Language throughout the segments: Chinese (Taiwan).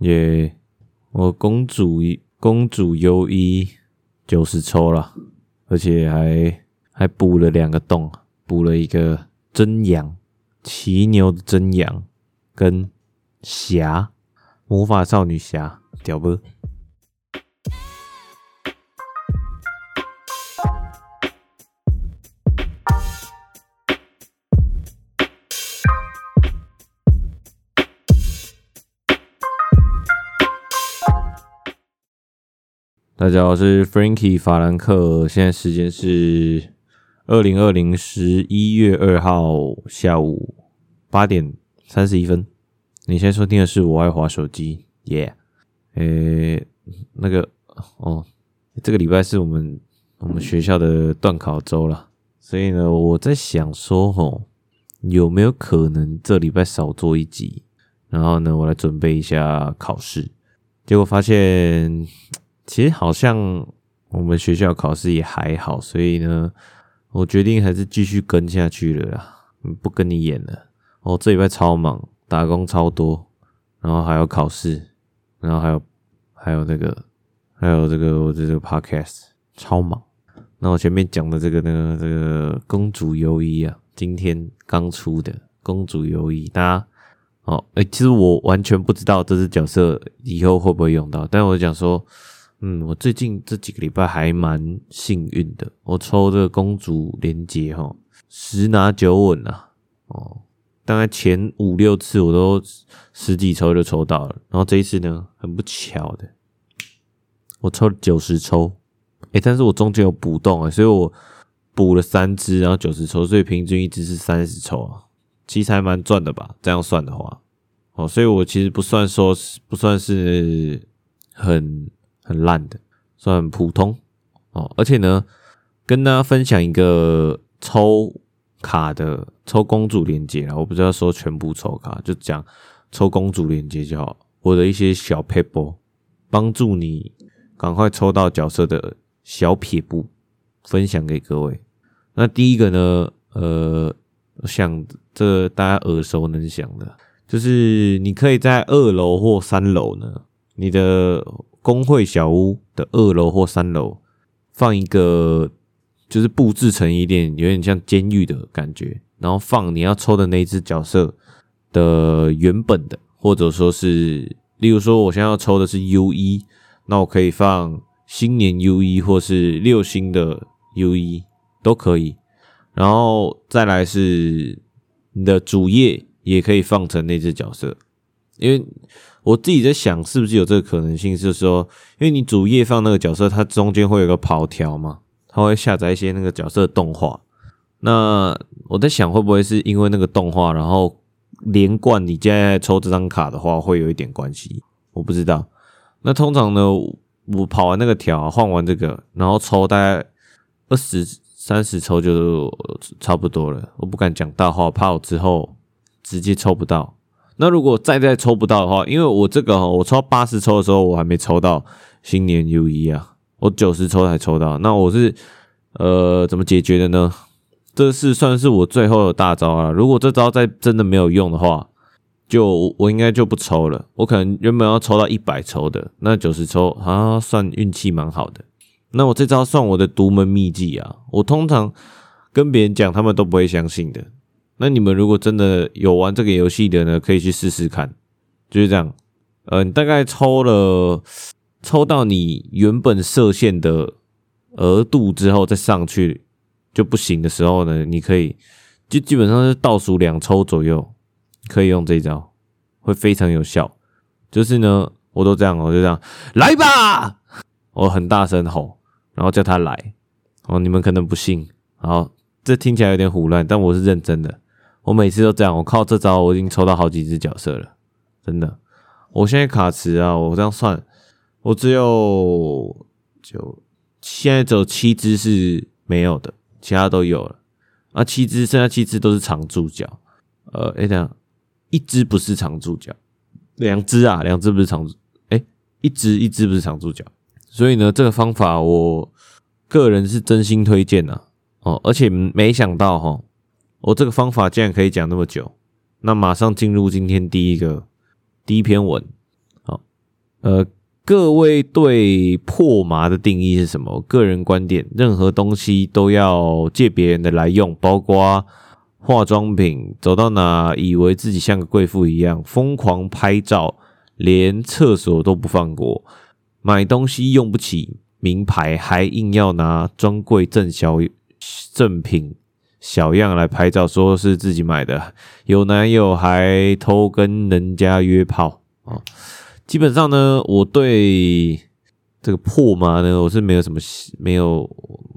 耶、yeah，我公主一公主優衣九十抽了，而且還還補了兩個洞，補了一個真羊騎牛的真羊，跟俠魔法少女俠屌不？大家好，我是 Frankie 法蘭克。現在時間是二零二零十一月二號下午八點三十一分。你現在收聽的是我愛滑手機，耶、yeah！誒、欸，那個哦，這個禮拜是我們我們學校的段考周了，所以呢，我在想說吼，有沒有可能這禮拜少做一集，然後呢，我來準備一下考試。結果發現。其實好像我們學校考試也還好，所以呢，我決定還是繼續跟下去了啦。不跟你演了。我、哦、這禮拜超忙，打工超多，然後還有考試，然後還有還有那個還有這個有、這個、我這個 podcast 超忙。那我前面講的這個那個這個公主優衣啊，今天剛出的公主優衣，大家哦誒，其實我完全不知道這隻角色以後會不會用到，但我講說。嗯，我最近這幾個禮拜還蠻幸運的，我抽這個公主連結齁，十拿九穩啊。哦，大概前五六次我都十幾抽就抽到了，然後這一次呢，很不巧的，我抽了九十抽，哎、欸，但是我中間有補洞啊，所以我補了三隻，然後九十抽，所以平均一隻是三十抽啊，其實還蠻賺的吧，這樣算的話，哦，所以我其實不算說是不算是很。很爛的，算很普通哦。而且呢，跟大家分享一個抽卡的，抽公主連結了。我不知道說全部抽卡，就講抽公主連結就好。我的一些小撇步幫助你趕快抽到角色的小撇步，分享給各位。那第一個呢，呃，想這大家耳熟能詳的，就是你可以在二樓或三樓呢，你的。公會小屋的二樓或三樓，放一個，就是布置成一點有點像監獄的感覺，然後放你要抽的那一隻角色的原本的，或者說是，例如說我現在要抽的是 U 一，那我可以放新年 U 一，或是六星的 U 一都可以。然後再來是你的主頁也可以放成那隻角色，因為。我自己在想，是不是有這個可能性？是說，因為你主頁放那個角色，它中間會有個跑條嘛，它會下載一些那個角色的動畫。那我在想，會不會是因為那個動畫，然後連貫？你現在抽這張卡的話，會有一點關係？我不知道。那通常呢，我跑完那個條，換完這個，然後抽大概二十三十抽就差不多了。我不敢講大話，怕我之後直接抽不到。那如果再再抽不到的話，因為我這個齁，我抽八十抽的時候我還沒抽到新年優衣啊，我九十抽才抽到。那我是呃怎麼解決的呢？這是算是我最後的大招啊。如果這招再真的沒有用的話，就我，我應該就不抽了。我可能原本要抽到一百抽的，那九十抽啊算運氣蠻好的。那我這招算我的獨門秘技啊，我通常跟別人講，他們都不會相信的。那你們如果真的有玩這個遊戲的呢，可以去試試看，就是這樣。呃，你大概抽了抽到你原本設限的額度之後，再上去就不行的時候呢，你可以就基本上是倒數兩抽左右，可以用這一招，會非常有效。就是呢，我都這樣，我就這樣 來吧，我很大聲吼，然後叫他來。哦，你們可能不信，然後這聽起來有點唬爛，但我是認真的。我每次都這樣，我靠，這招我已經抽到好幾隻角色了，真的。我現在卡池啊，我這樣算，我只有就現在只有七隻是沒有的，其他都有了。啊，七隻，剩下七隻都是常駐角。呃，哎、欸、等一下，一隻不是常駐角，兩隻啊，兩隻不是常駐，哎、欸，一隻一隻不是常駐角。所以呢，這個方法我個人是真心推薦的、啊、哦，而且沒想到哈。我、哦、這個方法竟然可以講那麼久，那馬上進入今天第一個第一篇文。好，呃，各位對破麻的定義是什麼？個人觀點，任何東西都要借別人的來用，包括化妝品。走到哪，以為自己像個貴婦一樣，瘋狂拍照，連廁所都不放過。買東西用不起名牌，還硬要拿專櫃贈小贈品。小樣來拍照，說是自己買的，有男友還偷跟人家約炮啊！基本上呢，我對這個破麻呢，我是沒有什麼沒有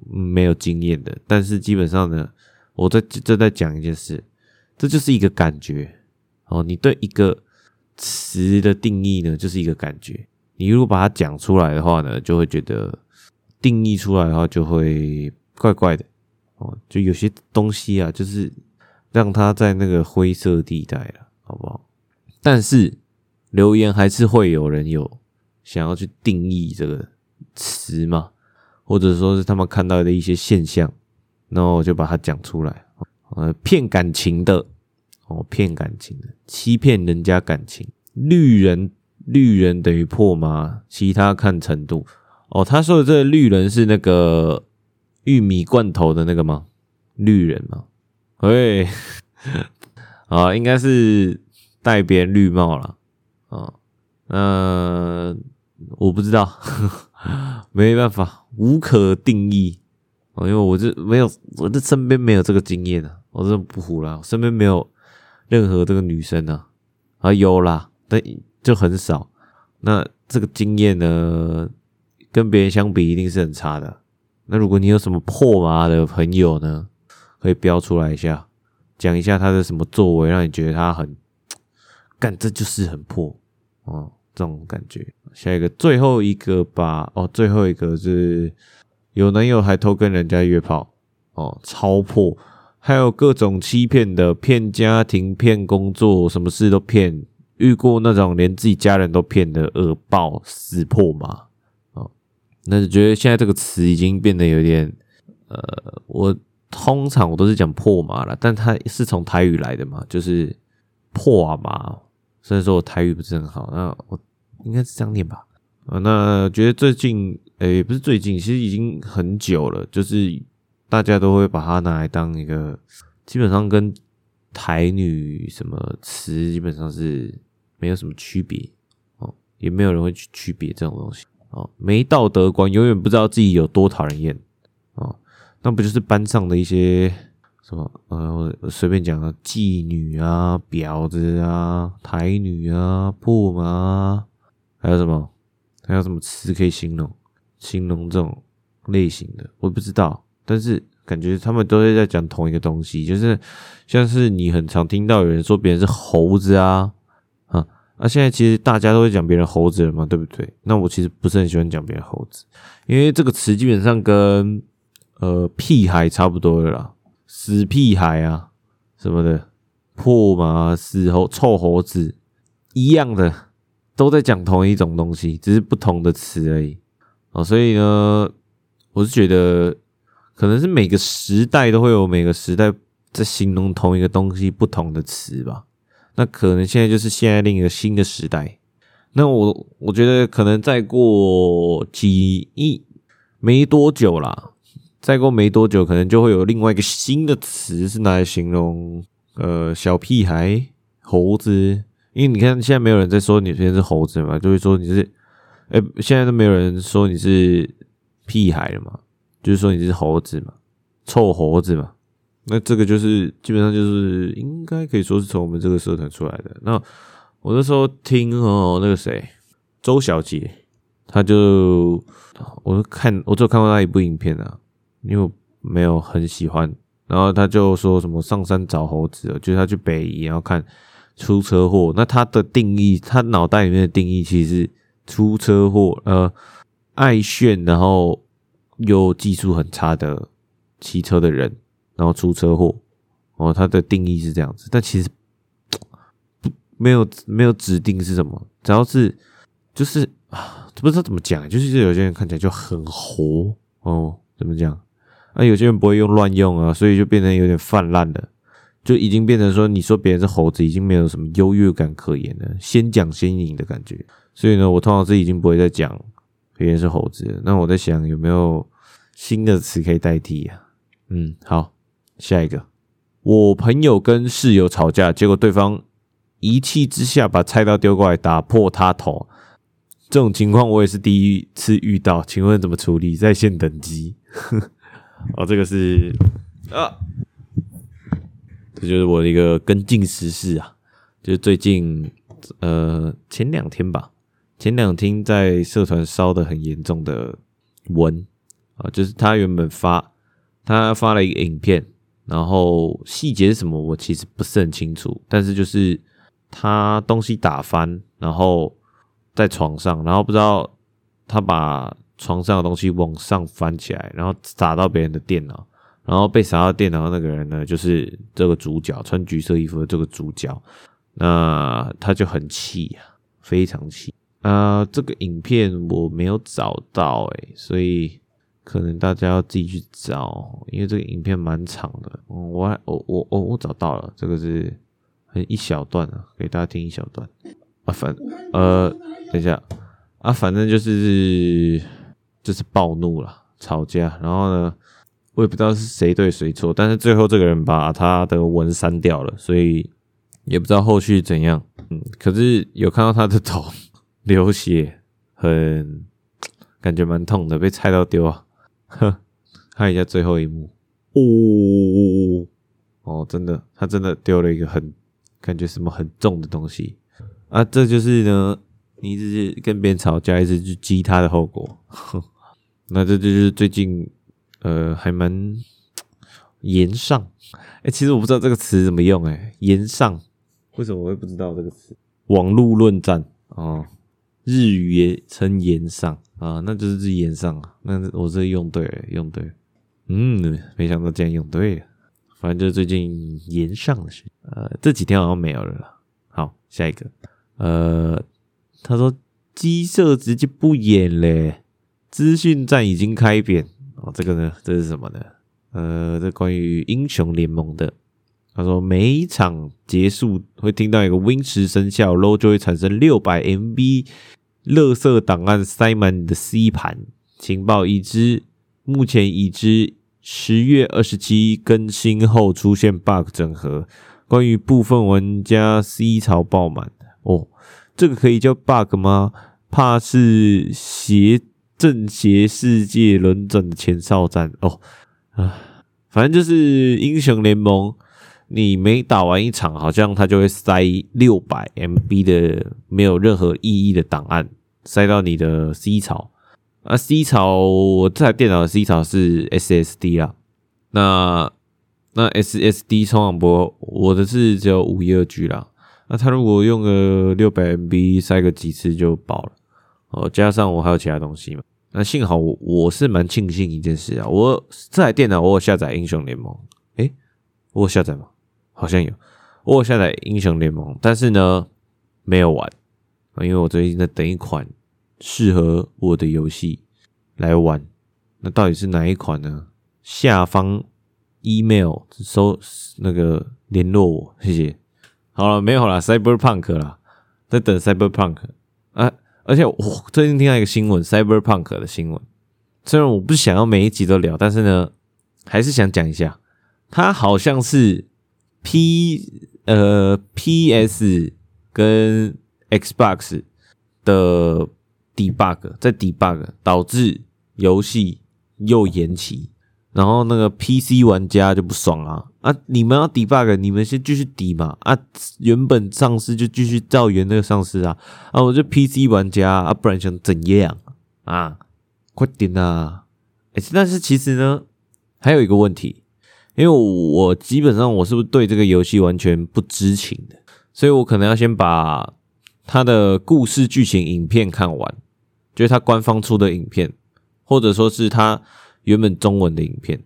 沒有經驗的。但是基本上呢，我在正在講一件事，這就是一個感覺哦。你對一個詞的定義呢，就是一個感覺。你如果把它講出來的話呢，就會覺得定義出來的話就會怪怪的。哦，就有些東西啊，就是讓他在那個灰色地帶了啊，好不好？但是留言還是會有人有想要去定義這個詞嘛，或者說是他們看到的一些現象，然後就把它講出來。呃，騙感情的，哦，騙感情的，欺騙人家感情，綠人綠人等於破嗎？其他看程度。哦，他說的這個綠人是那個。玉米罐頭的那個嗎？綠人嗎？哎，啊， 應該是戴別人綠帽了啊。呃，我不知道， 沒辦法，無可定義啊、哦，因為我這沒有，我這身邊沒有這個經驗啊。我這不胡啦，我身邊沒有任何這個女生呢、啊。啊，有啦，但就很少。那這個經驗呢，跟別人相比，一定是很差的。那如果你有什麼破麻的朋友呢，可以標出來一下，講一下他的什麼作為，讓你覺得他很嘖，幹，這就是很破哦，這種感覺。下一個，最後一個吧，哦，最後一個，就是有男友還偷跟人家約炮，哦，超破。還有各種欺騙的，騙家庭、騙工作，什麼事都騙。遇過那種連自己家人都騙的惡報，死破麻。那就覺得現在這個詞已經變得有點，呃，我通常我都是講破麻啦，但它是從台語來的嘛，就是破麻。雖然說我台語不是很好，那我應該是這樣念吧？啊、呃，那覺得最近，哎、欸，不是最近，其實已經很久了，就是大家都會把它拿來當一個，基本上跟台女什麼詞基本上是沒有什麼區別哦，也沒有人會去區別這種東西。哦，沒道德觀，永遠不知道自己有多討人厭。哦，那不就是班上的一些什麼？呃，我隨便講啊，妓女啊，婊子啊，台女啊，破麻啊，還有什麼？還有什麼詞可以形容形容這種類型的？我不知道，但是感覺他們都是在講同一個東西，就是像是你很常聽到有人說別人是猴子啊。那、啊、現在其實大家都會講別人猴子了嘛，對不對？那我其實不是很喜歡講別人猴子，因為這個詞基本上跟呃屁孩差不多的啦，死屁孩啊什麼的，破馬，死猴臭猴子一樣的，都在講同一種東西，只是不同的詞而已啊、哦。所以呢，我是覺得可能是每個時代都會有每個時代在形容同一個東西不同的詞吧。那可能現在就是現在另一個新的時代。那我我覺得可能再過幾億沒多久啦，再過沒多久，可能就會有另外一個新的詞是拿來形容呃小屁孩猴子。因為你看現在沒有人在說你現在是猴子嘛，就會、是、說你是哎、欸、現在都沒有人說你是屁孩了嘛，就是說你是猴子嘛，臭猴子嘛。那這個就是基本上就是應該可以說是從我們這個社團出來的。那我那時候聽哦、喔，那個誰周小姐，他就，我就看我就看過那一部影片啊，因為我沒有很喜歡。然後他就說什麼上山找猴子，就是他去北宜然後看出車禍。那他的定義，他腦袋裡面的定義，其實出車禍呃愛炫，然後又技術很差的騎車的人。然後出車禍，哦，他的定義是這樣子，但其實沒有沒有指定是什麼，只要是就是啊，這不知道怎麼講，就是有些人看起來就很猴，哦，怎麼講？啊，有些人不會用亂用啊，所以就變成有點氾濫了，就已經變成說，你說別人是猴子，已經沒有什麼優越感可言了，先講先贏的感覺。所以呢，我通常是已經不會再講別人是猴子了。那我在想有沒有新的詞可以代替呀、啊？嗯，好。下一個，我朋友跟室友吵架，結果對方一氣之下把菜刀丟過來，打破他頭。這種情況我也是第一次遇到，請問怎麼處理？在線等急呵 哦，這個是啊，這就是我的一個跟進時事啊，就是最近呃前兩天吧，前兩天在社團燒得很嚴重的文啊，就是他原本發他發了一個影片。然後細節是什麼？我其實不是很清楚，但是就是他東西打翻，然後在床上，然後不知道他把床上的東西往上翻起來，然後砸到別人的電腦，然後被砸到電腦的那個人呢，就是這個主角穿橘色衣服的這個主角，那他就很氣呀，非常氣啊、呃！這個影片我沒有找到誒、欸，所以。可能大家要自己去找，因為這個影片蠻長的。我我我我我找到了，這個是很一小段啊，給大家聽一小段啊。反呃，等一下啊，反正就是就是暴怒了，吵架，然後呢，我也不知道是誰對誰錯，但是最後這個人把他的文刪掉了，所以也不知道後續怎樣。嗯，可是有看到他的頭 流血很，很感覺蠻痛的，被菜刀丟啊。呵，看一下最後一幕，哦哦，哦，哦，哦，哦，真的，他真的丟了一個很感覺什麼很重的東西啊！這就是呢，你一直跟別人吵架，一直去激他的後果。哼，那這就是最近呃，還蠻炎上，哎、欸，其實我不知道這個詞怎麼用哎、欸，炎上為什麼我會不知道這個詞？網絡論戰哦。日語也稱炎上啊，那就是日炎上啊。那我是用對了，用對了，嗯，沒想到竟然用對了。反正就是最近炎上的事，呃，這幾天好像沒有了。好，下一個，呃，他說雞舍直接不演了，資訊站已經開扁哦，這個呢，這是什麼呢？呃，這關於英雄聯盟的。他說：“每一場結束會聽到一個 Win 時生效，然後就會產生六百 MB 垃圾檔案，塞滿你的 C 盤。情報已知，目前已知十月二十七更新後出現 bug 整合，關於部分玩家 C 槽爆滿哦，這個可以叫 bug 嗎？怕是邪正邪世界輪轉的前哨戰哦啊、呃，反正就是英雄聯盟。”你每打完一場，好像它就會塞六百 MB 的沒有任何意義的檔案塞到你的 C 槽啊。C 槽，我這台電腦的 C 槽是 SSD 啦。那那 SSD 充上不？我的是只有五一二 G 啦。那它如果用個六百 MB 塞個幾次就爆了哦。加上我還有其他東西嘛。那幸好我我是蠻慶幸一件事啊。我這台電腦我有下載英雄聯盟，誒、欸，我有下載嗎？好像有，我有下載《英雄聯盟》，但是呢，沒有玩，因為我最近在等一款適合我的遊戲來玩。那到底是哪一款呢？下方 email 收那個聯絡我，謝謝。好了，沒有了，Cyberpunk 啦，在等 Cyberpunk。啊，而且我最近聽到一個新聞，Cyberpunk 的新聞。雖然我不想要每一集都聊，但是呢，還是想講一下，它好像是。P 呃，PS 跟 Xbox 的 debug 再 debug 導致遊戲又延期，然後那個 PC 玩家就不爽了，啊，啊！你們要 debug，你們先繼續 debug 嘛！啊，原本上市就繼續照原那個上市啊啊！我這 PC 玩家啊，不然想怎樣啊？啊快點啊！哎、欸，但是其實呢，還有一個問題。因為我基本上我是不是對這個遊戲完全不知情的，所以我可能要先把他的故事劇情影片看完，就是他官方出的影片，或者說是他原本中文的影片，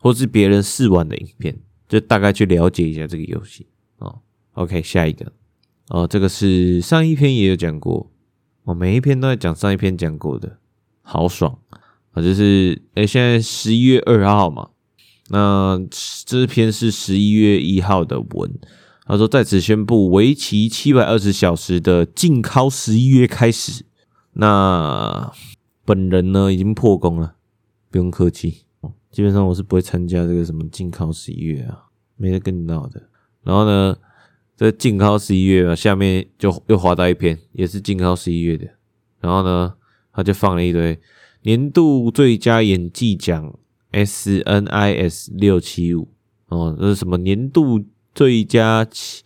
或是別人試玩的影片，就大概去了解一下這個遊戲哦 OK，下一個哦，這個是上一篇也有講過，我每一篇都在講上一篇講過的，好爽啊，就是哎，現在十一月二號嘛。那這篇是十一月一號的文，他說在此宣布為期七百二十小時的禁尻十一月開始。那本人呢已經破功了，不用客氣。基本上我是不會參加這個什麼禁尻十一月啊，沒得跟你鬧的。然後呢，這禁尻十一月啊，下面就又滑到一篇，也是禁尻十一月的。然後呢，他就放了一堆年度最佳演技獎。S N I S 六七五哦，那是什麼年度最佳情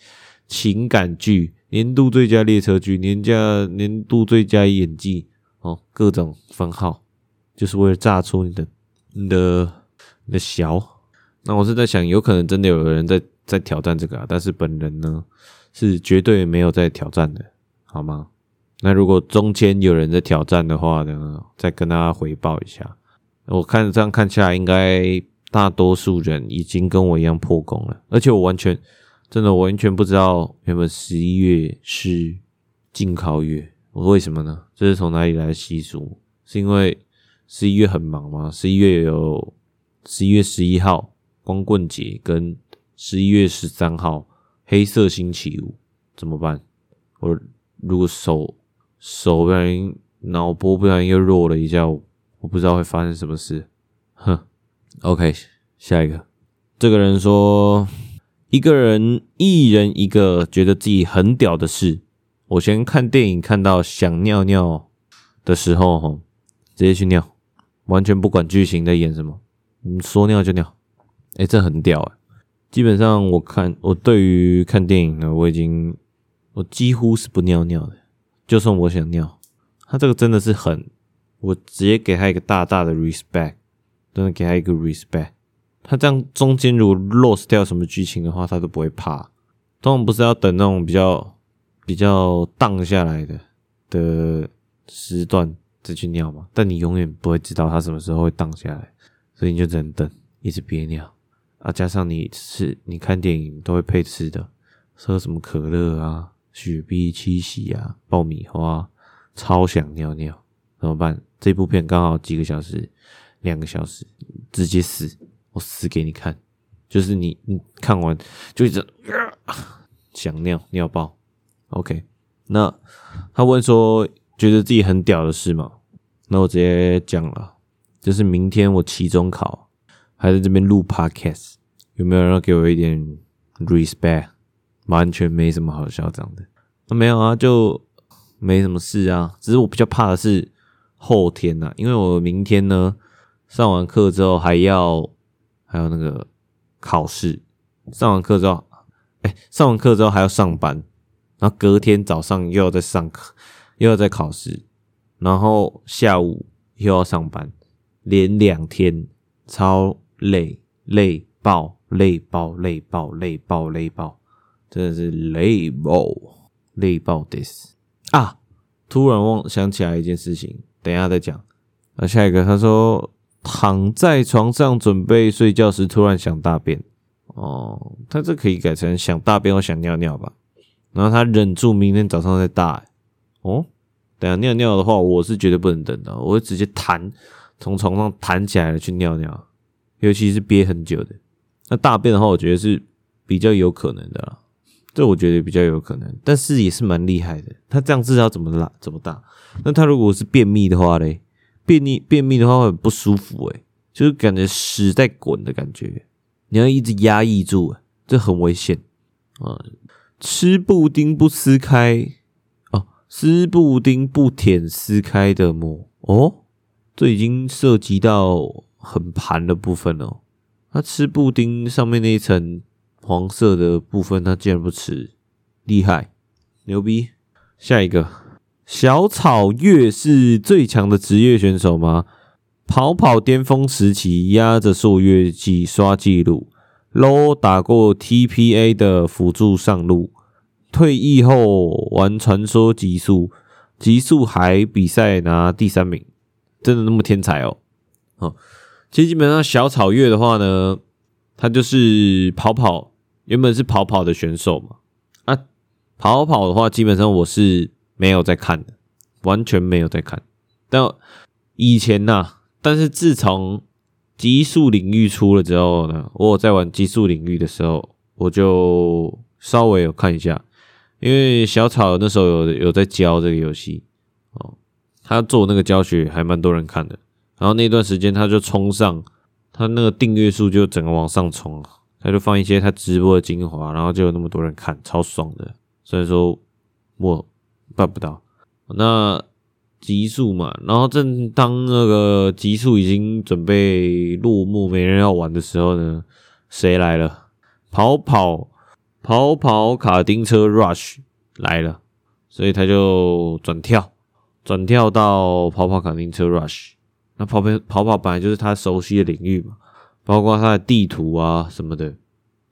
情感劇，年度最佳列車劇，年假年度最佳演技哦，各種番號，就是為了炸出你的你的你的，你的小。那我是在想，有可能真的有人在在挑戰這個，啊，但是本人呢是絕對沒有在挑戰的，好嗎？那如果中間有人在挑戰的話呢，再跟大家回報一下。我看這樣看起來，應該大多數人已經跟我一樣破功了。而且我完全，真的我完全不知道，原本十一月是禁考月。我說為什麼呢？這是從哪裡來的習俗？是因為十一月很忙嗎？十一月有十一月十一號光棍節跟十一月十三號黑色星期五，怎麼辦？我如果手手不小心，腦波不小心又弱了一下。我不知道會發生什麼事，哼。OK，下一個，這個人說，一個人一人一個覺得自己很屌的事。我先看電影，看到想尿尿的時候，直接去尿，完全不管劇情在演什麼，說尿就尿。哎、欸，這很屌啊、欸，基本上我，我看我對於看電影呢，我已經我幾乎是不尿尿的。就算我想尿，他這個真的是很。我直接給他一個大大的 respect，真的給他一個 respect。他這樣中間如果 lost 掉什麼劇情的話，他都不會怕。通常不是要等那種比較比較盪下來的的時段再去尿嘛，但你永遠不會知道他什麼時候會盪下來，所以你就只能等，一直憋尿。啊，加上你是你看電影都會配吃的，喝什麼可樂啊、雪碧、七喜啊、爆米花，超想尿尿怎麼辦？這部片剛好幾個小時，兩個小時直接死，我死給你看。就是你你看完就一直、呃、想尿尿爆，OK？那他問說覺得自己很屌的事嗎？那我直接講了，就是明天我期中考，還在這邊錄 Podcast，有沒有人要給我一點 respect？完全沒什麼好笑這樣的，啊、沒有啊，就沒什麼事啊，只是我比較怕的是。後天吶、啊，因為我明天呢上完課之後還要還有那個考試，上完課之後，哎、欸，上完課之後還要上班，然後隔天早上又要再上課，又要再考試，然後下午又要上班，連兩天超累，累爆，累爆，累爆，累爆，累爆，真的是累爆，累爆です啊！突然忘想起來一件事情。等一下再講，那下一個他說，躺在床上準備睡覺時突然想大便哦，他這可以改成想大便或想尿尿吧？然後他忍住，明天早上再大，欸，哦。等一下尿尿的話，我是絕對不能等的，我會直接彈從床上彈起來了去尿尿，尤其是憋很久的。那大便的話，我覺得是比較有可能的啦。這我覺得比較有可能，但是也是蠻厲害的。他這樣至少怎麼拉怎麼大？那他如果是便秘的話嘞，便秘便秘的話會很不舒服誒，就是感覺屎在滾的感覺，你要一直壓抑住，這很危險啊，嗯，吃布丁不撕開哦，吃布丁不舔撕開的膜哦，這已經涉及到很盤的部分了。他吃布丁上面那一層。黃色的部分他竟然不吃，厲害，牛逼！下一個，小草月是最強的職業選手嗎？跑跑巔峰時期壓着數月季刷記錄，low 打過 TPA 的輔助上路，退役後玩傳說極速，極速還比賽拿第三名，真的那麼天才哦？好，其實基本上小草月的話呢，他就是跑跑。原本是跑跑的選手嘛，啊，跑跑的話，基本上我是沒有在看的，完全沒有在看。但以前吶、啊，但是自從極速領域出了之後呢，我在玩極速領域的時候，我就稍微有看一下，因為小草那時候有有在教這個遊戲哦，他做那個教學還蠻多人看的。然後那段時間他就衝上，他那個訂閱數就整個往上衝了。他就放一些他直播的精華，然後就有那麼多人看，超爽的。所以說，我辦不到。那極速嘛，然後正當那個極速已經準備落幕，沒人要玩的時候呢，誰來了？跑跑跑跑卡丁車 Rush 來了，所以他就轉跳，轉跳到跑跑卡丁車 Rush。那跑跑跑跑本來就是他熟悉的領域嘛。包括他的地圖啊什麼的，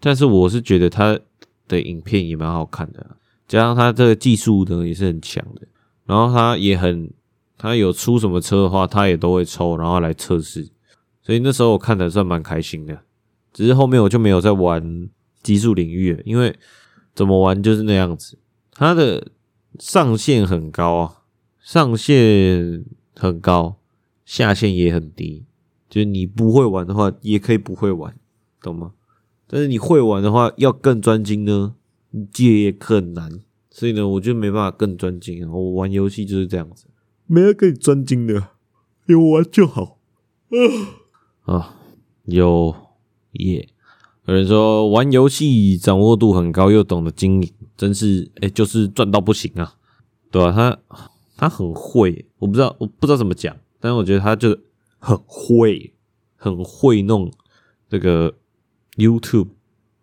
但是我是覺得他的影片也蠻好看的，加上他這個技術呢也是很強的，然後他也很他有出什麼車的話，他也都會抽然後來測試，所以那時候我看的算蠻開心的。只是後面我就沒有在玩極速領域了，因為怎麼玩就是那樣子，它的上限很高啊，上限很高，下限也很低。就是、你不會玩的話，也可以不會玩，懂嗎？但是你會玩的話，要更專精呢，戒也更難。所以呢，我就沒辦法更專精啊。我玩遊戲就是這樣子，沒人跟你專精的，有玩就好。啊，啊有耶、yeah！有人說玩遊戲掌握度很高，又懂得經營，真是哎、欸，就是賺到不行啊，對吧、啊？他他很會，我不知道我不知道怎麼講，但是我覺得他就很會，很會弄這個 YouTube，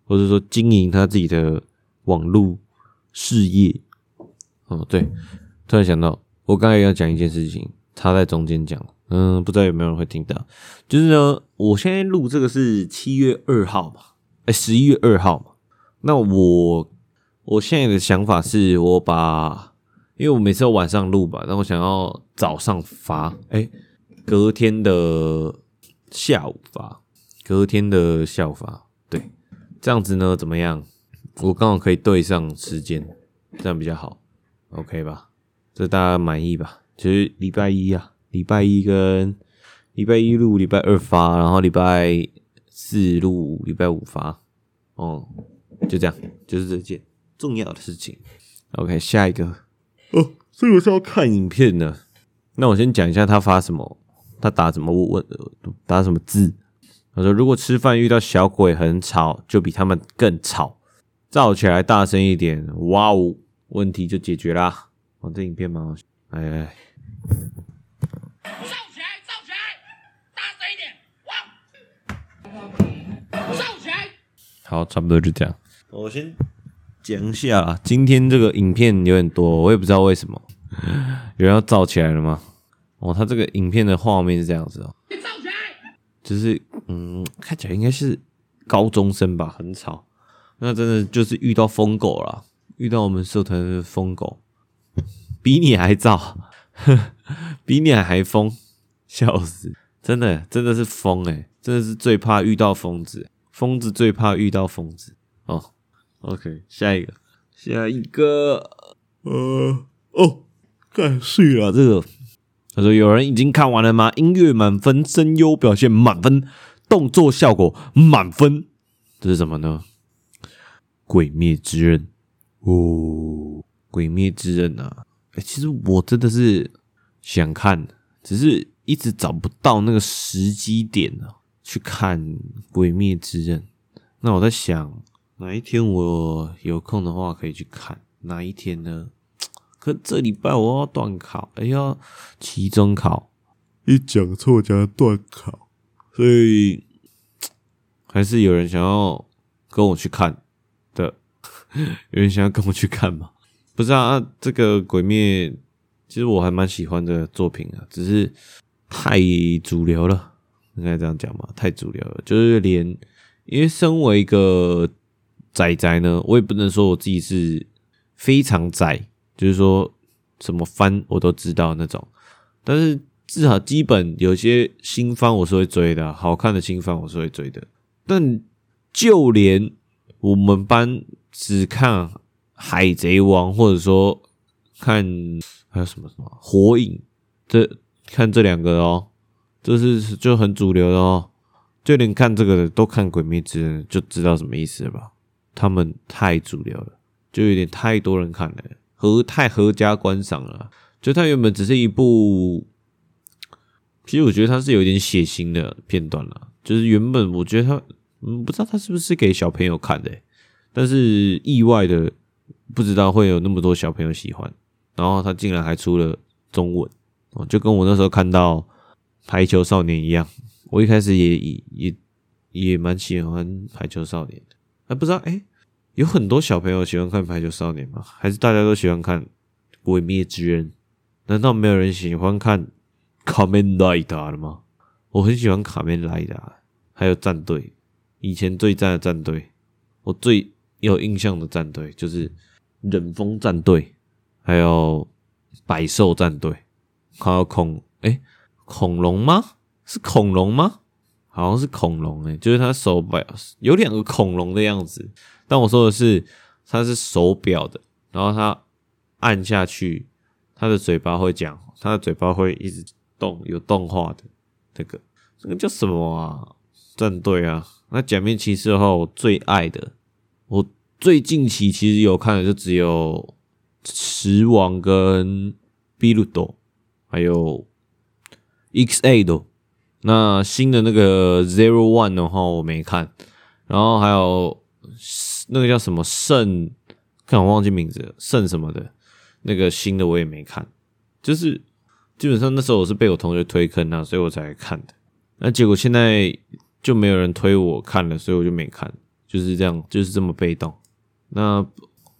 或者說經營他自己的網絡事業。哦、嗯，對，突然想到，我剛才要講一件事情，他在中間講，嗯，不知道有沒有人會聽到。就是呢，我現在錄這個是七月二號嘛，誒，十一月二號嘛。那我我現在的想法是，我把，因為我每次要晚上錄吧，然後想要早上發，誒、欸隔天的下午發，隔天的下午發，對，這樣子呢怎麼樣？我剛好可以對上時間，這樣比較好，OK 吧？這大家滿意吧？其實禮拜一啊，禮拜一跟禮拜一錄，禮拜二發，然後禮拜四錄，禮拜五發，哦，就這樣，就是這件重要的事情。OK，下一個，哦，所以我是要看影片的，那我先講一下他發什麼。他打什麼問？打什麼字？他說：“如果吃飯遇到小鬼很吵，就比他們更吵，造起來大聲一點，哇嗚、哦，問題就解決啦。”哦，這影片蠻好笑。哎，造起來，造起來，大聲一點，哇！造起來，好，差不多就這樣。我先講一下啦，今天這個影片有點多，我也不知道為什麼，有人要造起來了嗎？哦，他這個影片的畫面是這樣子哦，就是嗯，看起來應該是高中生吧，很吵。那真的就是遇到瘋狗了，遇到我們社團的瘋狗，比你還躁，哼，比你還瘋，笑死！真的真的是瘋誒、欸，真的是最怕遇到瘋子，瘋子最怕遇到瘋子。哦，OK，下一個，下一個，呃，哦，干水了這個。他說：“有人已經看完了嗎？音樂滿分，聲優表現滿分，動作效果滿分，這是什麼呢？《鬼滅之刃》。哦，《鬼滅之刃》啊。欸，其實我真的是想看，只是一直找不到那個時機點啊，去看《鬼滅之刃》。那我在想，哪一天我有空的話，可以去看，哪一天呢？”可這禮拜我要段考，哎呀，期中考一講錯就要段考，所以還是有人想要跟我去看的，有人想要跟我去看嘛？不知道啊。啊，這個《鬼滅》其實我還蠻喜歡的作品啊，只是太主流了，應該這樣講嘛，太主流了，就是連因為身為一個宅宅呢，我也不能說我自己是非常宅。就是說什麼番我都知道那種，但是至少基本有些新番我是會追的，好看的新番我是會追的。但就連我們班只看《海賊王》，或者說看還有什麼什麼《火影》，這看這兩個哦，這是就很主流的哦、喔。就連看這個的都看《鬼滅之刃》，就知道什麼意思了吧？他們太主流了，就有點太多人看了、欸。和太合家觀賞了，就它原本只是一部，其實我覺得它是有點血腥的片段了。就是原本我覺得它，嗯，不知道它是不是給小朋友看的，但是意外的不知道會有那麼多小朋友喜歡，然後他竟然還出了中文哦，就跟我那時候看到《排球少年》一樣，我一開始也也也蠻喜歡《排球少年》的，還不知道哎、欸。有很多小朋友喜歡看《排球少年》嗎？還是大家都喜歡看《鬼滅之刃》？難道沒有人喜歡看《卡梅萊達》了嗎？我很喜歡卡梅萊達，還有戰隊，以前最讚的戰隊，我最有印象的戰隊就是忍風戰隊，還有百獸戰隊，還有恐……哎、欸，恐龍嗎？是恐龍嗎？好像是恐龍誒、欸，就是他手錶有兩個恐龍的樣子。但我說的是，他是手錶的，然後他按下去，他的嘴巴會講，他的嘴巴會一直動，有動畫的。這個這個叫什麼啊？戰隊啊？那假面騎士的話，我最愛的，我最近期其實有看的就只有時王跟比魯多，還有 Ex-Aid。那新的那個 Zero One 的話我沒看，然後還有那個叫什麼聖，看我忘記名字了，聖什麼的，那個新的我也沒看，就是基本上那時候我是被我同學推坑啊，所以我才看的，那結果現在就沒有人推我看了，所以我就沒看，就是這樣，就是這麼被動。那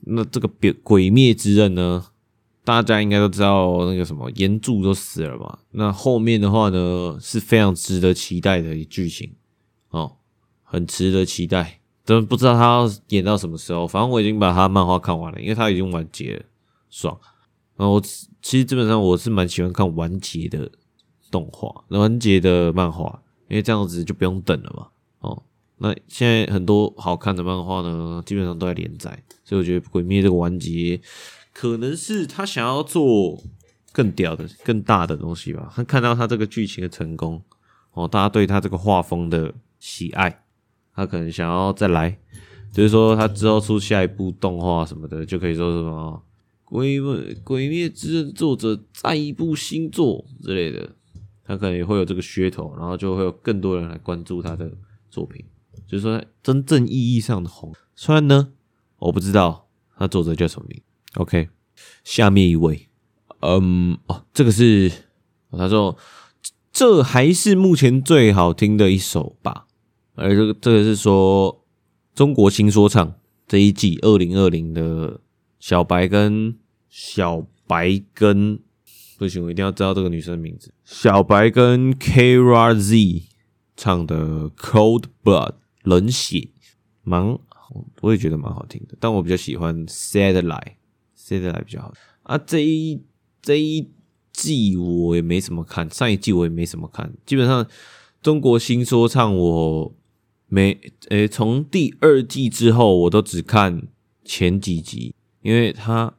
那這個別，《鬼滅之刃》呢？大家應該都知道那個什麼炎柱都死了吧？那後面的話呢，是非常值得期待的劇情哦，很值得期待。但不知道他要演到什麼時候，反正我已經把他漫畫看完了，因為他已經完結了，爽。然後我其實基本上我是蠻喜歡看完結的動畫、完結的漫畫，因為這樣子就不用等了嘛。哦，那現在很多好看的漫畫呢，基本上都在連載，所以我覺得《鬼滅》這個完結。可能是他想要做更屌的，更大的東西吧。他看到他這個劇情的成功，哦，大家對他這個畫風的喜愛，他可能想要再來，就是說他之後出下一部動畫什麼的，就可以說什麼哦，《鬼鬼滅之刃》作者再一部新作之類的，他可能也會有這個噱頭，然後就會有更多人來關注他的作品。就是說，真正意義上的紅。雖然呢，我不知道他作者叫什麼名。OK，下面一位，嗯，哦，這個是、哦、他說這，這還是目前最好聽的一首吧。而這個這個是說中國新說唱這一季二零二零的小白跟小白跟，不行，我一定要知道這個女生的名字。小白跟 K R Z 唱的 Cold Blood 冷血，蠻，我也覺得蠻好聽的，但我比較喜歡 Sad Lie。現在還比較好啊！這一這一季我也沒怎麼看，上一季我也沒怎麼看。基本上，中國新說唱我沒誒，從、欸、第二季之後我都只看前幾集，因為他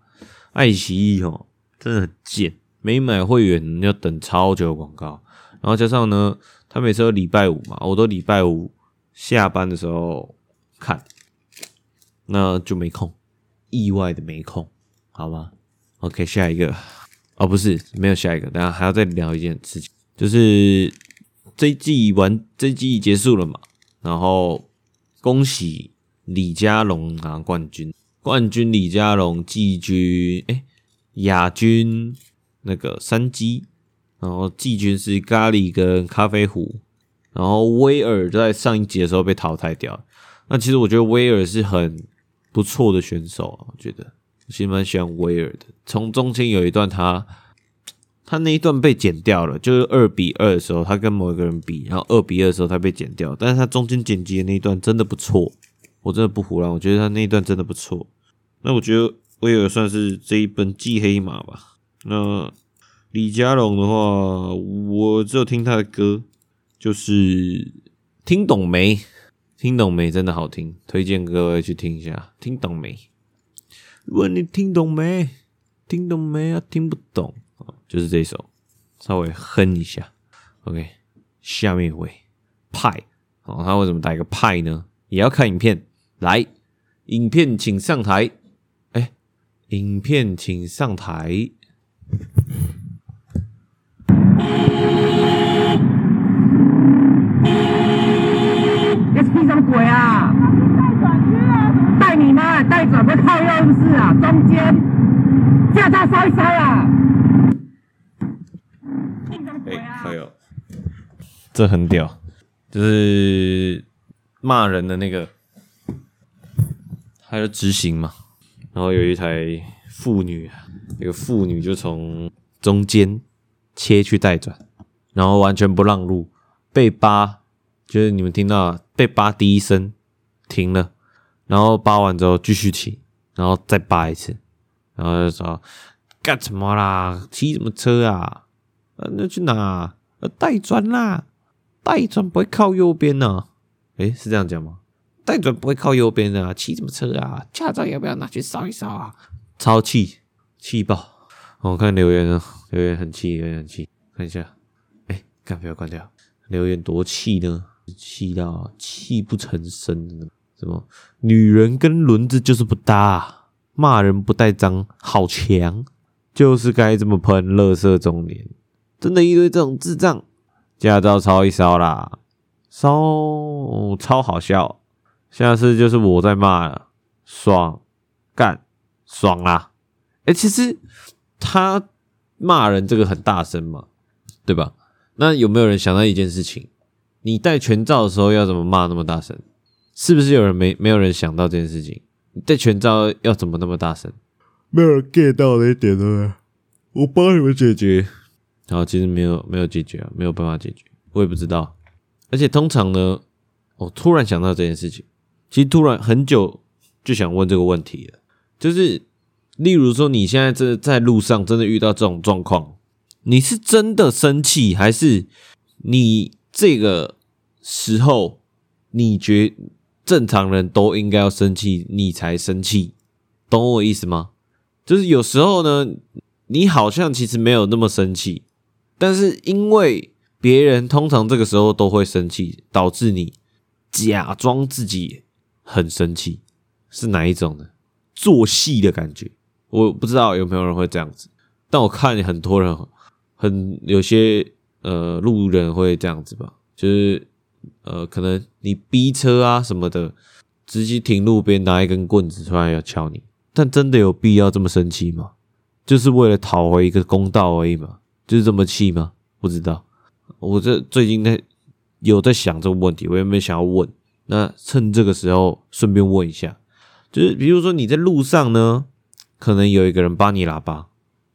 愛奇藝哦、喔、真的很賤，沒買會員要等超久的廣告。然後加上呢，他每次都禮拜五嘛，我都禮拜五下班的時候看，那就沒空，意外的沒空。好吧，OK，下一個哦，oh, 不是沒有下一個，等下還要再聊一件事情，就是這一季完，這一季結束了嘛？然後恭喜李佳隆拿冠軍，冠軍李佳隆季軍，哎、欸，亞軍那個山雞，然後季軍是咖喱跟咖啡壺，然後威爾就在上一集的時候被淘汰掉。那其實我覺得威爾是很不錯的選手、啊，我覺得。我其實蠻喜歡威爾的，從中間有一段他，他那一段被剪掉了，就是二比二的時候，他跟某一個人比，然後二比二的時候他被剪掉，但是他中間剪輯的那一段真的不錯，我真的不胡亂，我覺得他那一段真的不錯。那我覺得威爾算是這一本季黑馬吧。那李佳隆的話，我只有聽他的歌，就是聽懂沒？聽懂沒？真的好聽，推薦各位去聽一下。聽懂沒？問你聽懂沒？聽懂沒啊？聽不懂。就是這一首，稍微哼一下。OK，下面一位派。他為什麼打一個派呢？也要看影片，來，影片請上台。哎、欸，影片請上台。這是閉上嘴啊！是不是啊？中間駕照燒一燒啊！哎呦，還有這很屌，就是罵人的那個，他就直行嘛。然後有一台婦女，那、這個婦女就從中間切去待轉，然後完全不讓路，被扒，就是你們聽到被扒第一聲停了，然後扒完之後繼續騎。然後再扒一次，然後就說，幹什麼啦？騎什麼車啊？呃、啊，那去哪、啊？呃、啊，帶磚啦？帶磚不會靠右邊呢、啊？誒是這樣講嗎？帶磚不會靠右邊的啊？騎什麼車啊？駕照要不要拿去掃一掃啊？超氣氣爆！我、哦、看留言啊，留言很氣，留言很氣，看一下，誒幹不要關掉留言多氣呢，氣到氣不成聲的什麼？女人跟輪子就是不搭，啊，罵人不帶髒，好強，就是該這麼噴，樂色中年，真的一堆這種智障，駕照燒一燒啦，燒、哦，超好笑，下次就是我在罵了，爽幹爽啦。哎、欸、其實他罵人這個很大聲嘛，對吧？那有沒有人想到一件事情？你戴全罩的時候要怎麼罵那麼大聲？是不是有人沒沒有人想到這件事情？你在全招要怎麼那麼大聲？沒有人 get 到的一點呢？我幫你們解決。好，其實沒有沒有解決啊，沒有辦法解決，我也不知道。而且通常呢，我突然想到這件事情，其實突然很久就想問這個問題了。就是例如說，你現在這在路上真的遇到這種狀況，你是真的生氣，還是你這個時候你覺？正常人都應該要生氣，你才生氣，懂我意思嗎？就是有時候呢，你好像其實沒有那麼生氣，但是因為別人通常這個時候都會生氣，導致你假裝自己很生氣，是哪一種呢？做戲的感覺，我不知道有沒有人會這樣子，但我看很多人很有些呃路人會這樣子吧，就是。呃，可能你逼車啊什麼的，直接停路邊拿一根棍子，突然要敲你，但真的有必要這麼生氣嗎？就是為了討回一個公道而已嘛，就是這麼氣嗎？不知道，我這最近在有在想這個問題，我也沒想要問。那趁這個時候順便問一下，就是比如說你在路上呢，可能有一個人幫你喇叭，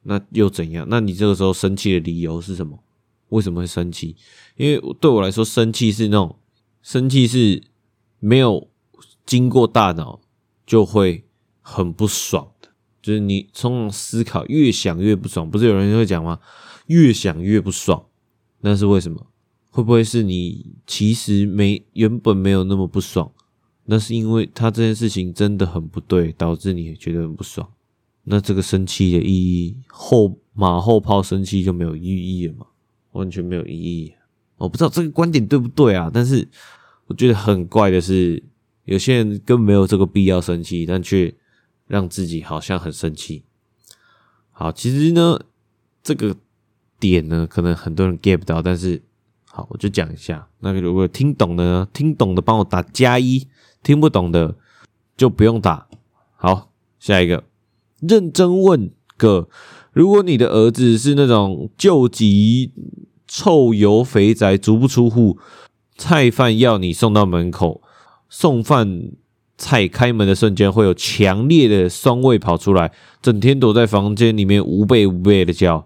那又怎樣？那你這個時候生氣的理由是什麼？為什麼會生氣？因為對我來說，生氣是那種。生氣是沒有經過大腦就會很不爽的，就是你從思考越想越不爽，不是有人會講嗎？越想越不爽，那是為什麼？會不會是你其實沒原本沒有那麼不爽，那是因為他這件事情真的很不對，導致你覺得很不爽。那這個生氣的意義後馬後炮生氣就沒有意義了嘛？完全沒有意義、啊。我不知道這個觀點對不對啊，但是。我覺得很怪的是，有些人根本沒有這個必要生氣，但卻讓自己好像很生氣。好，其實呢，這個點呢，可能很多人 get 不到，但是好，我就講一下。那個如果聽懂的呢，聽懂的幫我打加一；聽不懂的就不用打。好，下一個，認真問個：如果你的兒子是那種究極、臭油、肥宅、足不出戶。菜飯要你送到門口，送飯菜開門的瞬間會有強烈的酸味跑出來。整天躲在房間裡面吾輩吾輩的叫，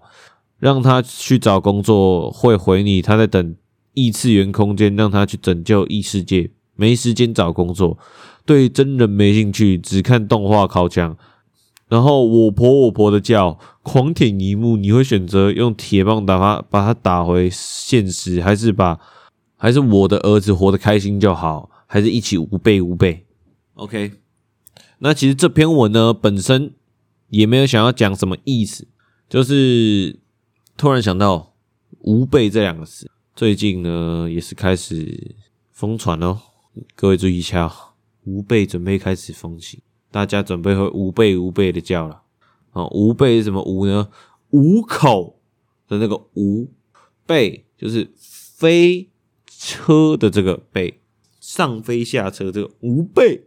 讓他去找工作會回你。他在等異次元空間，讓他去拯救異世界。沒時間找工作，對真人沒興趣，只看動畫靠牆。然後我婆我婆的叫，狂舔螢幕，你會選擇用鐵棒打他，把他打回現實，還是把？還是我的兒子活得開心就好，還是一起吾輩吾輩，OK。那其實這篇文呢本身也沒有想要講什麼意思，就是突然想到“吾輩”這兩個字，最近呢也是開始瘋傳咯。各位注意一下，“吾輩”準備開始風行，大家準備會“吾輩吾輩”的叫了哦。嗯“吾輩”是什麼“吾”呢？五口的那個無“吾輩”就是非。車的這個背，上飛下車這個吾輩，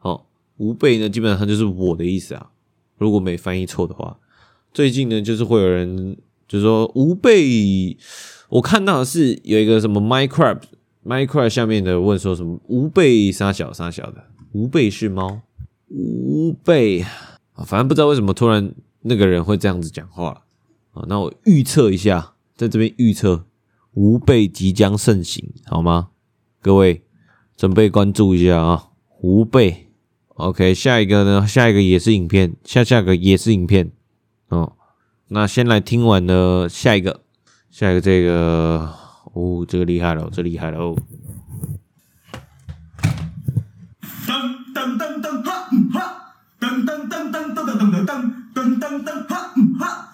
哦，吾輩呢，基本上就是我的意思啊，如果沒翻譯錯的話。最近呢，就是會有人就是說吾輩，我看到的是有一個什麼 Minecraft，Minecraft 下面的問說什麼吾輩殺小殺小的，吾輩是貓，吾輩反正不知道為什麼突然那個人會這樣子講話啊。那我預測一下，在這邊預測。吾輩即將盛行，好嗎？各位，準備關注一下啊！吾輩，OK。下一個呢？下一個也是影片，下下個也是影片。哦，那先來聽完了，下一個，下一個這個，哦，這個厲害了，這厲害了哦！噔噔噔噔哈嗯哈，噔噔噔噔噔噔噔噔噔噔噔噔哈嗯哈。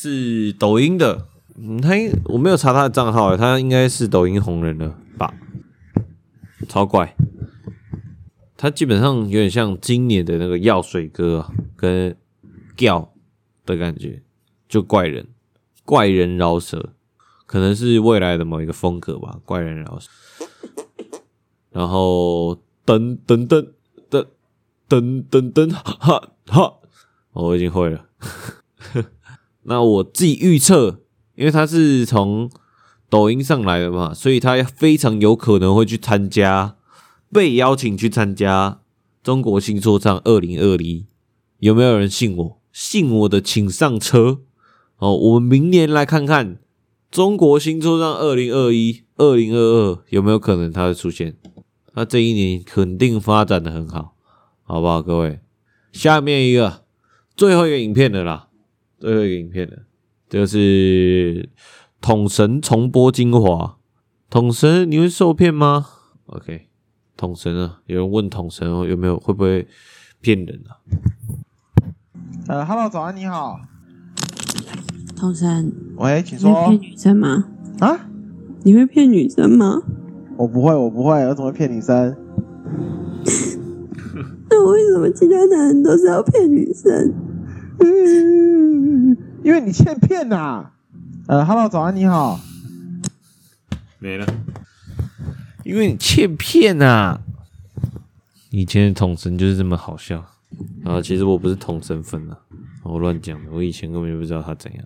是抖音的。嗯、他應我沒有查他的賬號，他應該是抖音紅人了吧？超怪，他基本上有點像今年的那個藥水哥、啊、跟 Giao 的感覺，就怪人怪人饒舌，可能是未來的某一個風格吧，怪人饒舌。然後噔噔噔噔噔噔噔，哈哈、哦，我已經會了。 那我自己預測，因為他是從抖音上來的嘛，所以他非常有可能會去參加，被邀請去參加中國新說唱二零二零，有沒有人信我？信我的請上車！哦，我們明年來看看中國新說唱二零二一、二零二二有沒有可能他會出現？那這一年肯定發展得很好，好不好，各位？下面一個最後一個影片的啦。最後一個影片了，個、就是統神重播精華。統神，你會受騙嗎？OK，統神啊，有人問統神哦，有沒有會不會騙人啊？呃，哈嘍，l l 早安，你好，統神。喂，請說。你會騙女生嗎？啊？你會騙女生嗎？我不會，我不會，我怎麼會騙女生？ 那為什麼其他男人都是要騙女生？嗯。因為你欠騙吶、啊，呃哈嘍，Hello, 早安，你好，沒了。因為你欠騙吶、啊，以前的同神就是這麼好笑。啊，其實我不是同神粉啊，我亂講的。我以前根本就不知道他怎樣。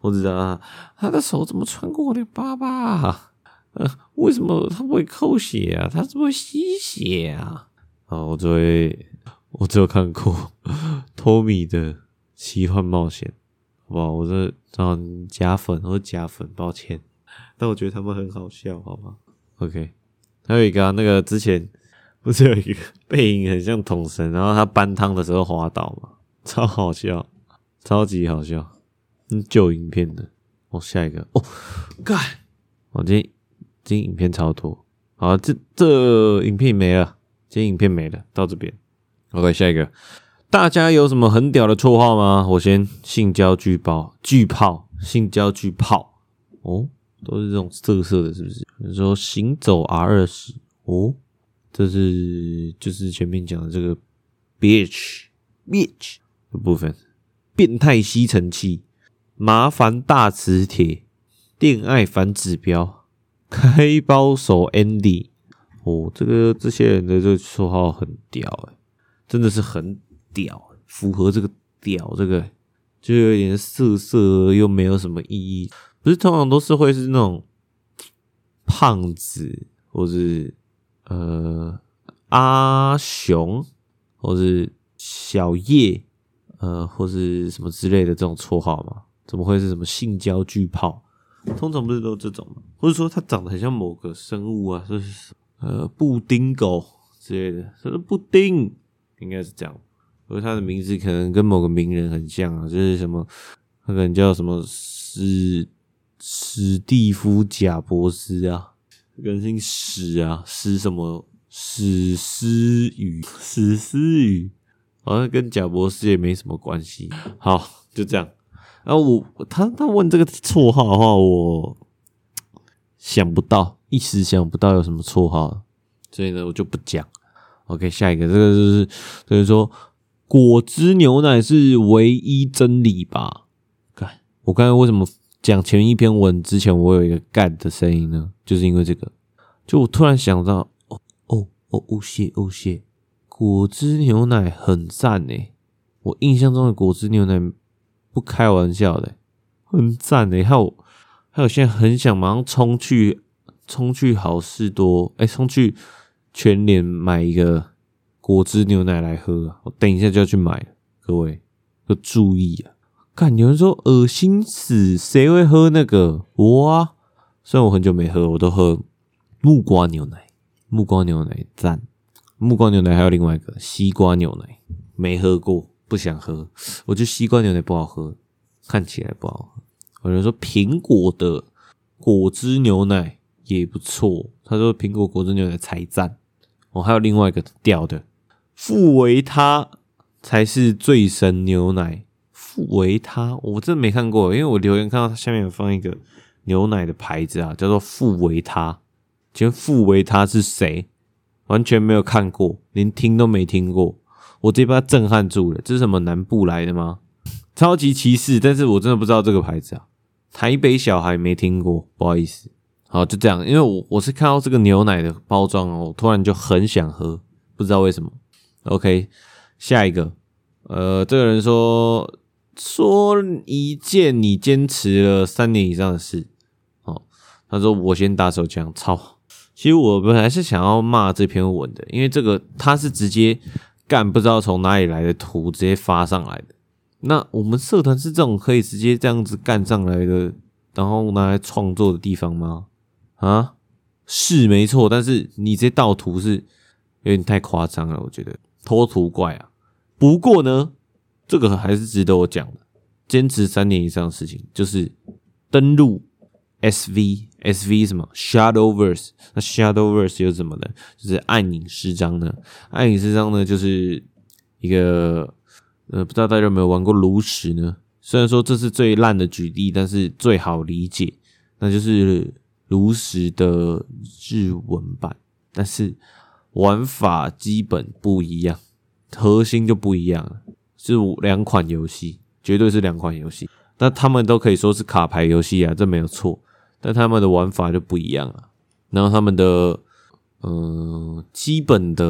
我只知道啊，他的手怎麼穿過我的爸爸、啊？呃、啊，為什麼他不會扣血啊？他怎麼會吸血啊？啊，我最會，我只有看過 《托米的奇幻冒險》。哇！我這啊假粉，我假粉，抱歉。但我覺得他們很好笑，好嗎？OK。還有一個啊，那個之前不是有一個背影很像童神，然後他搬湯的時候滑倒嘛，超好笑，超級好笑。嗯，舊影片的。哦，下一個哦，God。哦，哦今天今天影片超多。好，這這影片沒了，今天影片沒了，到這邊。OK，下一個。大家有什麼很屌的綽號嗎？我先性交巨炮巨炮、性交巨炮哦，都是這種色色的，是不是？你說行走 R 二十哦，這是就是前面講的這個 bitch bitch 的部分，變態吸塵器、麻煩大磁鐵、戀愛反指標、開包手 Andy 哦，這個這些人的這個綽號很屌誒、欸，真的是很。屌，符合這個屌，這個就有點色色，又沒有什麼意義。不是通常都是會是那種胖子，或是呃阿雄，或是小葉，呃，或是什麼之類的這種綽號嗎？怎麼會是什麼性交巨炮？通常不是都這種嗎？或者說它長得很像某個生物啊，就是呃布丁狗之類的，它的布丁，應該是這樣。而他的名字可能跟某個名人很像啊，就是什麼，他可能叫什麼史史蒂夫賈伯斯啊，更姓史啊，史什麼史思雨。史思雨好像跟賈伯斯也沒什麼關係。好，就這樣。然後，啊，我他他問這個綽號的話，我想不到，一時想不到有什麼綽號，所以呢，我就不講。OK，下一個這個就是，所以說。果汁牛奶是唯一真理吧？幹，我剛才為什麼講前一篇文之前，我有一個幹的聲音呢？就是因為這個，就我突然想到，哦哦哦哦，謝哦謝，果汁牛奶很讚誒！我印象中的果汁牛奶不開玩笑的，很讚誒！還有還有，現在很想馬上衝去衝去好市多，哎、欸，衝去全聯買一個。果汁牛奶來喝啊，我等一下就要去買了。各位要注意啊！看有人說噁心死，誰會喝那個？我啊，雖然我很久沒喝，我都喝木瓜牛奶。木瓜牛奶讚，木瓜牛奶還有另外一個西瓜牛奶，沒喝過，不想喝。我覺得西瓜牛奶不好喝，看起來不好喝。有人說蘋果的果汁牛奶也不錯，他說蘋果果汁牛奶才讚。我、哦、還有另外一個掉的。富維他才是最神牛奶。富維他，我真的沒看過，因為我留言看到它下面有放一個牛奶的牌子啊，叫做富維他。其實富維他是誰？完全沒有看過，連聽都沒聽過。我直接被震撼住了，這是什麼南部來的嗎？超級歧視，但是我真的不知道這個牌子啊。台北小孩沒聽過，不好意思。好，就這樣，因為我我是看到這個牛奶的包裝哦，我突然就很想喝，不知道為什麼。OK，下一個，呃，這個人說，說一件你堅持了三年以上的事。哦，他說，我先打手槍，操！其實我本來是想要罵這篇文的，因為，這個他是直接幹不知道從哪裡來的圖直接發上來的。那我們社團是這種可以直接這樣子幹上來的，然後拿來創作的地方嗎？啊，是沒錯，但是你這盜圖是有點太誇張了，我覺得。脫圖怪啊！不過呢，這個還是值得我講的。堅持三年以上的事情，就是登錄 SV SV 什麼 Shadowverse。那 Shadowverse 又怎麼呢？就是暗影詩章呢？暗影詩章呢，就是一個呃，不知道大家有沒有玩過爐石呢？雖然說這是最爛的舉例，但是最好理解，那就是爐石的日文版，但是。玩法基本不一樣，核心就不一樣了，是兩款遊戲，絕對是兩款遊戲。那他們都可以說是卡牌遊戲啊，這沒有錯。但他們的玩法就不一樣了，然後他們的嗯、呃，基本的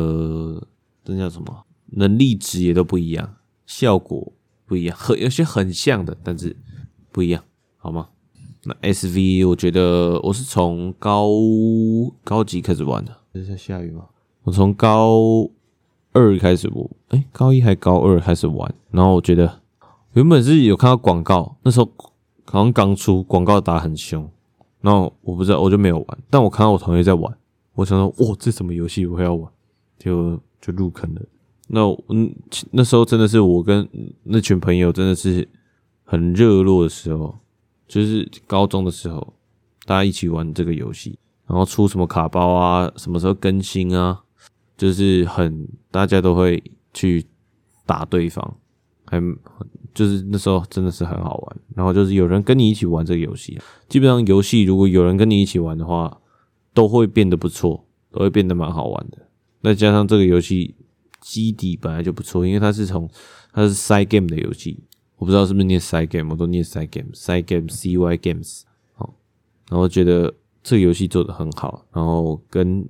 這叫什麼能力值也都不一樣，效果不一樣，很有些很像的，但是不一樣，好嗎？那 SV，我覺得我是從高高級開始玩的。是在下雨嗎？我從高二開始我，我、欸、哎，高一還高二開始玩，然後我覺得原本是有看到廣告，那時候好像剛出，廣告打得很兇，然後我不知道，我就沒有玩。但我看到我同學在玩，我想說，哇，這什麼遊戲？我還要玩，就就入坑了。那嗯，那時候真的是我跟那群朋友真的是很熱絡的時候，就是高中的時候，大家一起玩這個遊戲，然後出什麼卡包啊，什麼時候更新啊。就是很，大家都會去打對方，還就是那時候真的是很好玩。然後就是有人跟你一起玩這個遊戲，基本上遊戲如果有人跟你一起玩的話，都會變得不錯，都會變得蠻好玩的。再加上這個遊戲基底本來就不錯，因為它是從它是 side game 的遊戲，我不知道是不是念 side game，我都念 side game，side game CY Games，好，然後覺得這個遊戲做得很好，然後跟。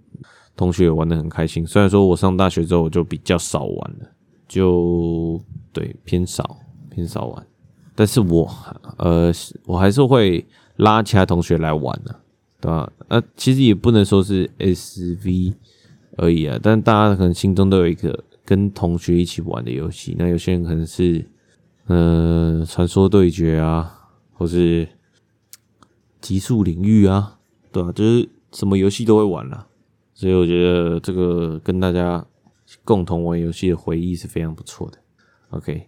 同學也玩得很開心。雖然說我上大學之後我就比較少玩了，就對偏少偏少玩，但是我呃我還是會拉其他同學來玩的、啊，對吧、啊？呃、啊，其實也不能說是 SV 而已啊，但大家可能心中都有一個跟同學一起玩的遊戲。那有些人可能是呃傳說對決啊，或是極速領域啊，對吧、啊？就是什麼遊戲都會玩了、啊。所以我覺得這個跟大家共同玩遊戲的回憶是非常不錯的。OK，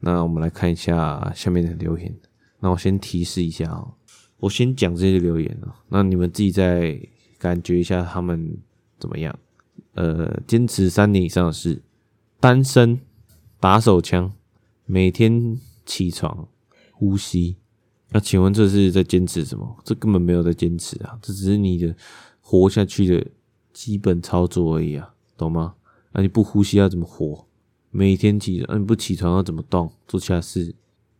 那我們來看一下下面的留言。那我先提示一下啊、喔，我先講這些留言啊、喔，那你們自己再感覺一下他們怎麼樣？呃，堅持三年以上的是單身打手槍，每天起床呼吸。那請問這是在堅持什麼？這根本沒有在堅持啊，這只是你的活下去的。基本操作而已啊，懂嗎？啊，你不呼吸要怎麼活？每天起，啊你不起床要怎麼動？做其他事，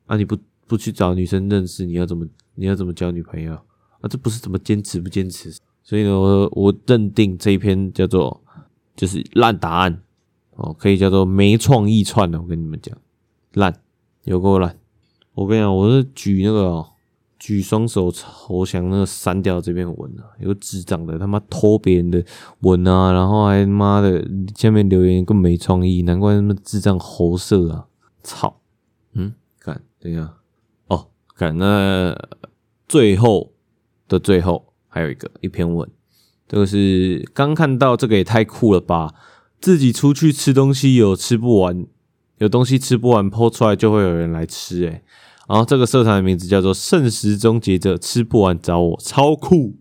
啊你不不去找女生認識，你要怎麼你要怎麼交女朋友？啊，這不是怎麼堅持不堅持？所以呢，我我認定這一篇叫做就是爛答案，哦，可以叫做沒創意串的，我跟你們講，爛，有夠爛。我跟你講，我是舉那個。舉雙手投降，那個刪掉這篇文啊！有智障的他媽偷別人的文啊，然後還媽的下面留言更沒創意，難怪他媽智障猴色啊！操，嗯，幹等一下，哦，幹那最後的最後還有一個一篇文，這、就、個是剛看到，這個也太酷了吧！自己出去吃東西有吃不完，有東西吃不完 PO 出來就會有人來吃，欸，哎。然後這個社團的名字叫做“剩食終結者”，吃不完找我，超酷！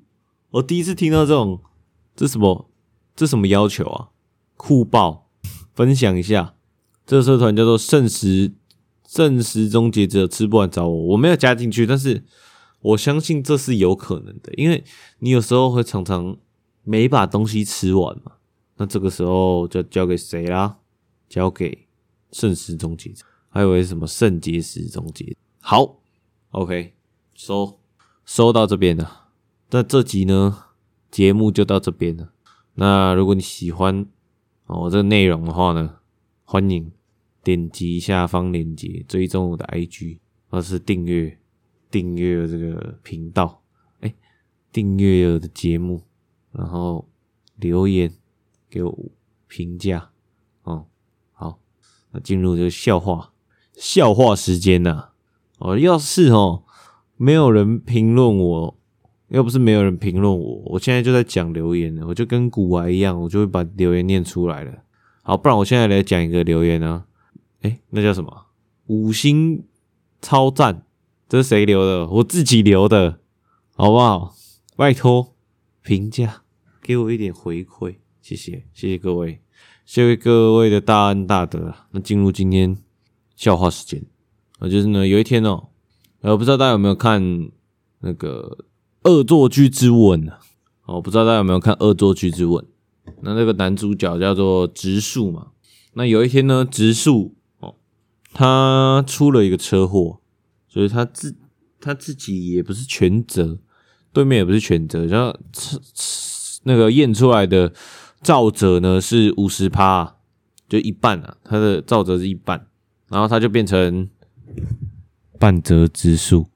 我第一次聽到這種，這什麼，這什麼要求啊？酷爆！分享一下，這個社團叫做“剩食剩食終結者”，吃不完找我。我沒有加進去，但是我相信這是有可能的，因為你有時候會常常沒把東西吃完嘛，那這個時候就交給誰啦？交給“剩食終結者”？還有為什麼“聖結石終結者”？好，OK，收收到這邊了。那這集呢，節目就到這邊了。那如果你喜歡我、哦、這個內容的話呢，歡迎點擊下方鏈接，追蹤我的 IG，或者是訂閱訂閱這個頻道。哎、欸，訂閱我的節目，然後留言給我評價。哦，好，那進入這個笑話，笑話時間呢、啊？哦，要是哦，沒有人評論我，又不是沒有人評論我，我現在就在講留言了，我就跟古玩一樣，我就會把留言念出來了。好，不然我現在來講一個留言呢、啊，哎，那叫什麼？五星超讚，這是誰留的？我自己留的，好不好？拜托，評價，給我一點回饋，謝謝，謝謝各位，謝謝各位的大恩大德啊。那進入今天笑話時間。就是呢，有一天哦，呃，不知道大家有沒有看那個《惡作劇之吻》啊？哦，不知道大家有沒有看《惡作劇之吻》？那那個男主角叫做直樹嘛。那有一天呢，直樹哦，他出了一個車禍，所以他自他自己也不是全責，對面也不是全責，然後那個驗出來的肇責，呢是五十趴，就一半啊，他的肇責是一半，然後他就變成。半澤直樹。